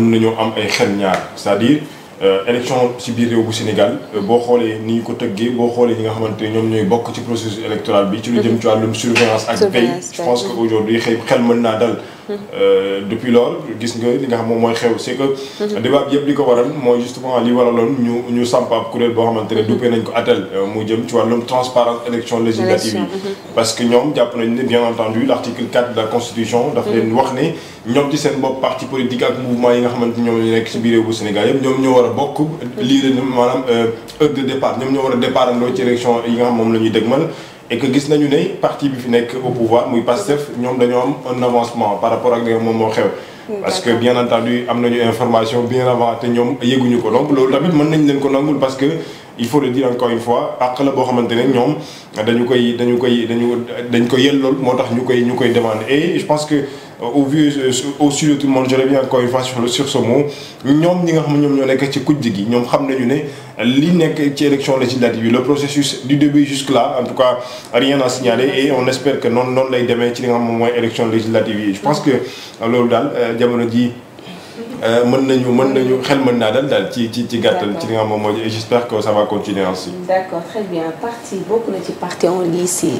mën nañoo am ay xel ñaar c'est-à-dire euh, élection ci biir réew bu Sénégal euh, boo xoolee ni ñu ko tëggee boo xoolee ñi nga xamante ñoom ñooy bokk ci processus électoral bi ci lu jëm ci wàllum surveillance ak veille je pense que aujourd'hui xëy xel mën naa dal Euh, depuis loolu gis nga li nga xam moom mooy xew c'est que mhm. débat bi li ko waral mooy justement li waraloon ñu ñu samp ab kuréel boo xamante ne mhm. duppee nañ ko atel euh, mu jëm ci wàllum transparence élection législative yi mhm. que ñoom jàpp nañ ne bien entendu l'article de la constitution daf leen yi nga xamante ñoom ñu nekk ci biir réew bu Sénégal a bokk lii maanaam heure de départ ñoom ñoo war a moom la ñuy dëgmal et que gis nañu ne parti bi fi nekk au pouvoir muy PASTEF ñoom dañoo am un avancement par rapport ak moom moo xew. parce que bien entendu am nañu information bien avant te ñoom yëguñu ko donc loolu tamit mën nañ leen ko nangul parce que il faut le dire encore une fois àq boo xamante ne ñoom dañu koy dañu koy dañu dañ ko yellool moo tax ñu koy ñu koy demande et je pense que. Euh, au vu euh, au sud de tout le monde je reviens encore une fois sur ce mot ñoom ñi nga xam ne ñoom ñoo nekk ci kujj gi ñoom xam nañu ne li nekk ci élection législative yi le processus du début jusque là en tout cas rien à signaler et on espère que noonu noonu lay demee ci li nga xam moom mooy élection législative yi je pense que euh, loolu daal jamono ji mën nañu mën nañu xel mën naa dal daal ci ci ci gàttal ci li nga xam moom mooy j'espère que ça va continuer ainsi. d'accord très bien parti bokk na ci parti en lice